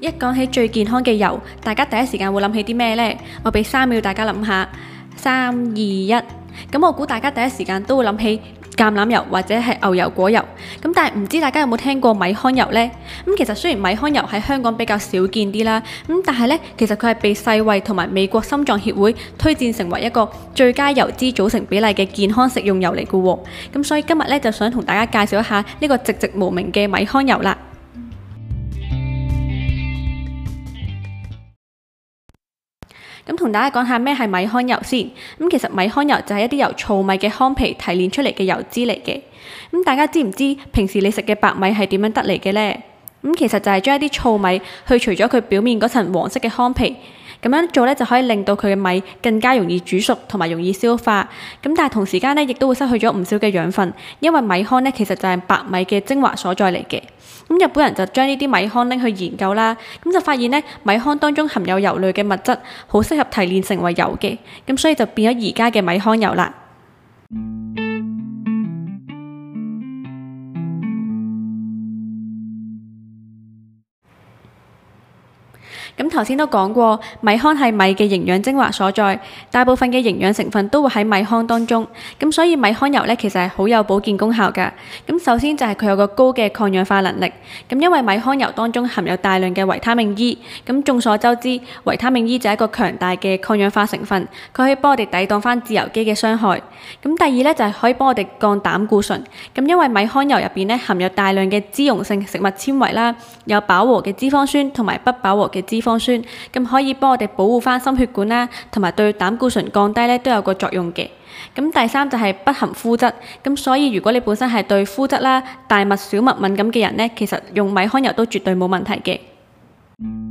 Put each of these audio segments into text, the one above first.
一講起最健康嘅油，大家第一時間會諗起啲咩呢？我俾三秒大家諗下，三二一。咁我估大家第一時間都會諗起橄欖油或者係牛油果油。咁但係唔知大家有冇聽過米糠油呢？咁其實雖然米糠油喺香港比較少見啲啦，咁但係呢，其實佢係被世衛同埋美國心臟協會推薦成為一個最佳油脂組成比例嘅健康食用油嚟嘅喎。咁所以今日呢，就想同大家介紹一下呢個寂寂無名嘅米糠油啦。咁同、嗯、大家講下咩係米糠油先。咁、嗯、其實米糠油就係一啲由糙米嘅糠皮提煉出嚟嘅油脂嚟嘅。咁、嗯、大家知唔知平時你食嘅白米係點樣得嚟嘅呢？咁、嗯、其實就係將一啲糙米去除咗佢表面嗰層黃色嘅糠皮。咁樣做咧，就可以令到佢嘅米更加容易煮熟同埋容易消化。咁但係同時間咧，亦都會失去咗唔少嘅養分，因為米糠咧，其實就係白米嘅精華所在嚟嘅。咁日本人就將呢啲米糠拎去研究啦，咁就發現咧，米糠當中含有油類嘅物質，好適合提煉成為油嘅。咁所以就變咗而家嘅米糠油啦。咁頭先都講過，米糠係米嘅營養精華所在，大部分嘅營養成分都會喺米糠當中。咁所以米糠油咧，其實係好有保健功效㗎。咁首先就係佢有個高嘅抗氧化能力。咁因為米糠油當中含有大量嘅維他命 E，咁眾所周知維他命 E 就係一個強大嘅抗氧化成分，佢可以幫我哋抵擋翻自由基嘅傷害。咁第二咧就係可以幫我哋降膽固醇。咁因為米糠油入邊咧含有大量嘅脂溶性食物纖維啦，有飽和嘅脂肪酸同埋不飽和嘅脂肪。脂肪酸，咁可以幫我哋保護翻心血管啦，同埋對膽固醇降低咧都有個作用嘅。咁第三就係不含麩質，咁所以如果你本身係對麩質啦大麥小麥敏感嘅人呢，其實用米糠油都絕對冇問題嘅。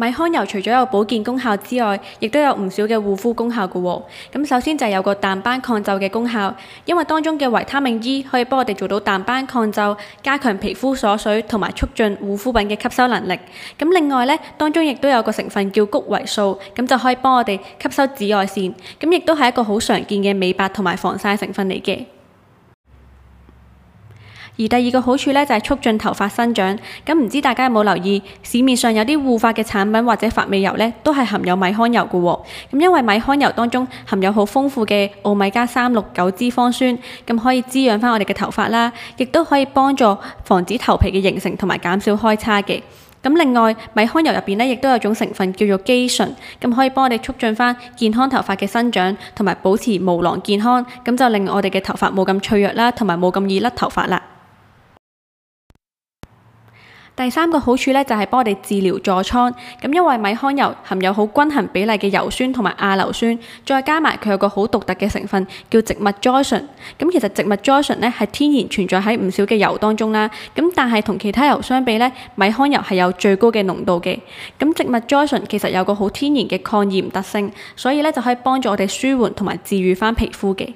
米糠油除咗有保健功效之外，亦都有唔少嘅護膚功效嘅喎。哦。咁首先就有個淡斑抗皺嘅功效，因為當中嘅維他命 E 可以幫我哋做到淡斑抗皺，加強皮膚鎖水同埋促進護膚品嘅吸收能力。咁另外呢，當中亦都有個成分叫穀維素，咁就可以幫我哋吸收紫外線，咁亦都係一個好常見嘅美白同埋防曬成分嚟嘅。而第二個好處咧就係促進頭髮生長，咁唔知大家有冇留意市面上有啲護髮嘅產品或者髮尾油咧，都係含有米糠油嘅喎。咁因為米糠油當中含有好豐富嘅奧米加三六九脂肪酸，咁可以滋養翻我哋嘅頭髮啦，亦都可以幫助防止頭皮嘅形成同埋減少開叉嘅。咁另外，米糠油入面呢，亦都有種成分叫做肌醇，咁可以幫我哋促進翻健康頭髮嘅生長同埋保持毛囊健康，咁就令我哋嘅頭髮冇咁脆弱啦，同埋冇咁易甩頭髮啦。第三個好處咧，就係幫我哋治療痤瘡。咁因為米糠油含有好均衡比例嘅油酸同埋亞硫酸，再加埋佢有個好獨特嘅成分叫植物甾醇。咁其實植物甾醇咧係天然存在喺唔少嘅油當中啦。咁但係同其他油相比咧，米糠油係有最高嘅濃度嘅。咁植物甾醇其實有個好天然嘅抗炎特性，所以咧就可以幫助我哋舒緩同埋治愈翻皮膚嘅。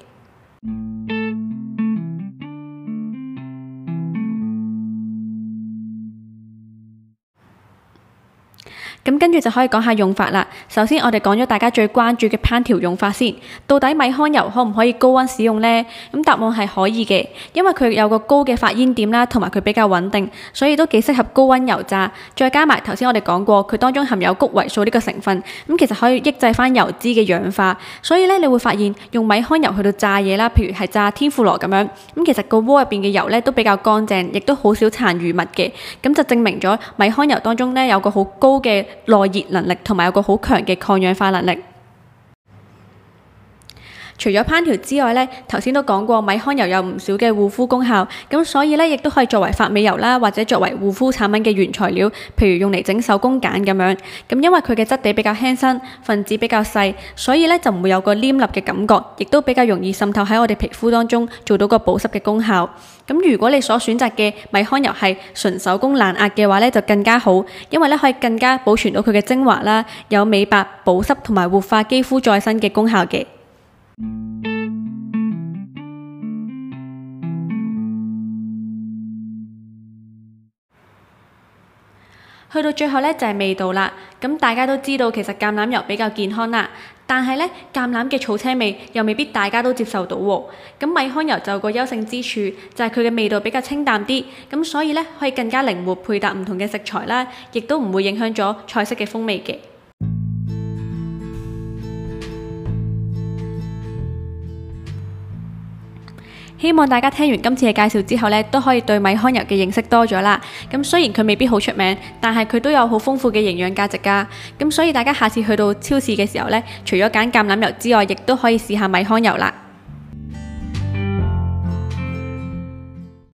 咁跟住就可以講下用法啦。首先我哋講咗大家最關注嘅烹調用法先，到底米糠油可唔可以高溫使用呢？咁、嗯、答案係可以嘅，因為佢有個高嘅發煙點啦，同埋佢比較穩定，所以都幾適合高溫油炸。再加埋頭先我哋講過，佢當中含有谷維素呢個成分，咁、嗯、其實可以抑制翻油脂嘅氧化。所以咧，你會發現用米糠油去到炸嘢啦，譬如係炸天婦羅咁樣，咁、嗯、其實個鍋入邊嘅油咧都比較乾淨，亦都好少殘餘物嘅。咁就證明咗米糠油當中咧有個好高嘅耐熱能力，同埋有個好強嘅抗氧化能力。除咗烹調之外呢，頭先都講過米糠油有唔少嘅護膚功效，咁所以呢亦都可以作為髮尾油啦，或者作為護膚產品嘅原材料，譬如用嚟整手工皂咁樣。咁因為佢嘅質地比較輕身，分子比較細，所以呢就唔會有個黏膩嘅感覺，亦都比較容易滲透喺我哋皮膚當中，做到個保濕嘅功效。咁如果你所選擇嘅米糠油係純手工冷壓嘅話呢，就更加好，因為呢可以更加保存到佢嘅精華啦，有美白、保濕同埋活化肌膚再生嘅功效嘅。去到最後咧就係味道啦，咁大家都知道其實橄欖油比較健康啦，但係咧橄欖嘅草青味又未必大家都接受到喎，咁、啊、米糠油就有個優勝之處就係佢嘅味道比較清淡啲，咁、啊、所以咧可以更加靈活配搭唔同嘅食材啦，亦、啊、都唔會影響咗菜式嘅風味嘅。希望大家聽完今次嘅介紹之後呢，都可以對米糠油嘅認識多咗啦。咁雖然佢未必好出名，但係佢都有好豐富嘅營養價值㗎。咁所以大家下次去到超市嘅時候呢，除咗揀橄欖油之外，亦都可以試下米糠油啦。